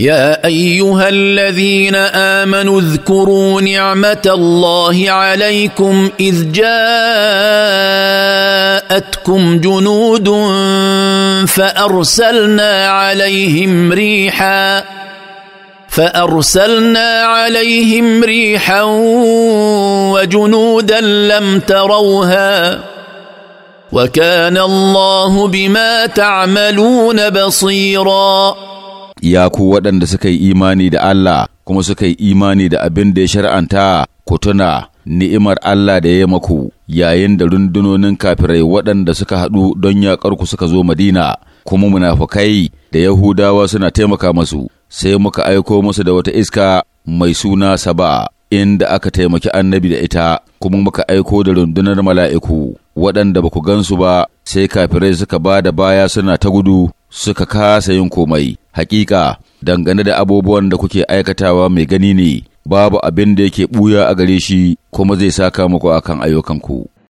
يا ايها الذين امنوا اذكروا نعمه الله عليكم اذ جاءتكم جنود فارسلنا عليهم ريحا فارسلنا عليهم ريحا وجنودا لم تروها وكان الله بما تعملون بصيراً ya ku waɗanda suka yi imani da Allah kuma suka yi imani da abin da ya shar'anta ku tuna ni'imar Allah da ya maku yayin da rundunonin kafirai waɗanda suka haɗu don yaƙar ku suka zo Madina kuma munafukai da Yahudawa suna taimaka masu sai muka aiko musu da wata iska mai suna Saba'a inda aka taimaki annabi da ita kuma muka aiko da rundunar mala'iku waɗanda baku gansu ba sai kafirai suka ba da baya suna ta gudu suka kasa yin komai Hakika, dangane da abubuwan da kuke aikatawa mai gani ne, babu abin da yake ɓuya a gare shi kuma zai saka muku akan ayyukanku.